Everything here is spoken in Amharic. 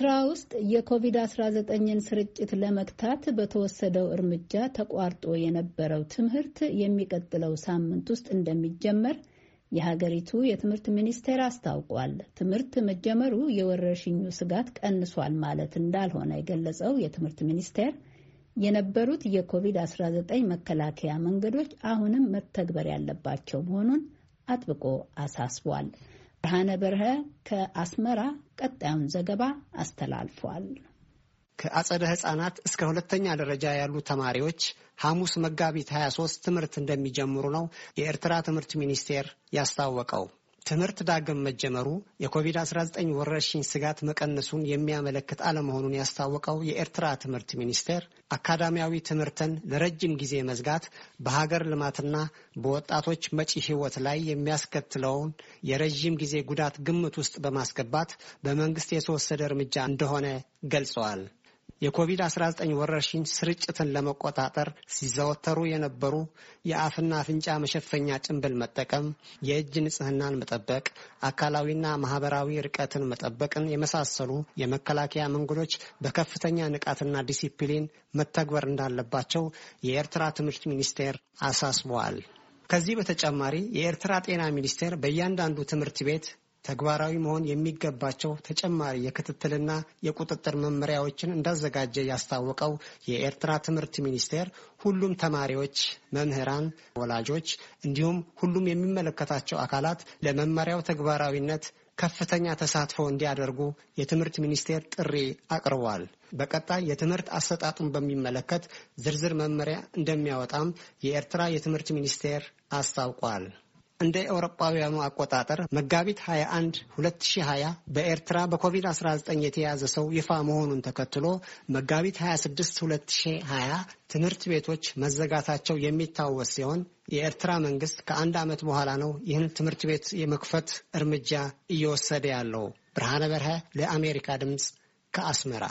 ኤርትራ ውስጥ የኮቪድ-19ን ስርጭት ለመግታት በተወሰደው እርምጃ ተቋርጦ የነበረው ትምህርት የሚቀጥለው ሳምንት ውስጥ እንደሚጀመር የሀገሪቱ የትምህርት ሚኒስቴር አስታውቋል። ትምህርት መጀመሩ የወረርሽኙ ስጋት ቀንሷል ማለት እንዳልሆነ የገለጸው የትምህርት ሚኒስቴር የነበሩት የኮቪድ-19 መከላከያ መንገዶች አሁንም መተግበር ያለባቸው መሆኑን አጥብቆ አሳስቧል። ብርሃነ በርሀ ከአስመራ ቀጣዩን ዘገባ አስተላልፏል። ከአጸደ ህጻናት እስከ ሁለተኛ ደረጃ ያሉ ተማሪዎች ሐሙስ መጋቢት 23 ትምህርት እንደሚጀምሩ ነው የኤርትራ ትምህርት ሚኒስቴር ያስታወቀው። ትምህርት ዳግም መጀመሩ የኮቪድ-19 ወረርሽኝ ስጋት መቀነሱን የሚያመለክት አለመሆኑን ያስታወቀው የኤርትራ ትምህርት ሚኒስቴር አካዳሚያዊ ትምህርትን ለረጅም ጊዜ መዝጋት በሀገር ልማትና በወጣቶች መጪ ሕይወት ላይ የሚያስከትለውን የረዥም ጊዜ ጉዳት ግምት ውስጥ በማስገባት በመንግስት የተወሰደ እርምጃ እንደሆነ ገልጸዋል። የኮቪድ-19 ወረርሽኝ ስርጭትን ለመቆጣጠር ሲዘወተሩ የነበሩ የአፍና አፍንጫ መሸፈኛ ጭንብል መጠቀም፣ የእጅ ንጽህናን መጠበቅ፣ አካላዊና ማህበራዊ ርቀትን መጠበቅን የመሳሰሉ የመከላከያ መንገዶች በከፍተኛ ንቃትና ዲሲፕሊን መተግበር እንዳለባቸው የኤርትራ ትምህርት ሚኒስቴር አሳስበዋል። ከዚህ በተጨማሪ የኤርትራ ጤና ሚኒስቴር በእያንዳንዱ ትምህርት ቤት ተግባራዊ መሆን የሚገባቸው ተጨማሪ የክትትልና የቁጥጥር መመሪያዎችን እንዳዘጋጀ ያስታወቀው የኤርትራ ትምህርት ሚኒስቴር ሁሉም ተማሪዎች፣ መምህራን፣ ወላጆች እንዲሁም ሁሉም የሚመለከታቸው አካላት ለመመሪያው ተግባራዊነት ከፍተኛ ተሳትፎ እንዲያደርጉ የትምህርት ሚኒስቴር ጥሪ አቅርቧል። በቀጣይ የትምህርት አሰጣጡን በሚመለከት ዝርዝር መመሪያ እንደሚያወጣም የኤርትራ የትምህርት ሚኒስቴር አስታውቋል። እንደ ኤውሮጳውያኑ አቆጣጠር መጋቢት 21 2020 በኤርትራ በኮቪድ-19 የተያዘ ሰው ይፋ መሆኑን ተከትሎ መጋቢት 26 2020 ትምህርት ቤቶች መዘጋታቸው የሚታወስ ሲሆን የኤርትራ መንግስት ከአንድ ዓመት በኋላ ነው ይህን ትምህርት ቤት የመክፈት እርምጃ እየወሰደ ያለው። ብርሃነ በርሀ ለአሜሪካ ድምፅ ከአስመራ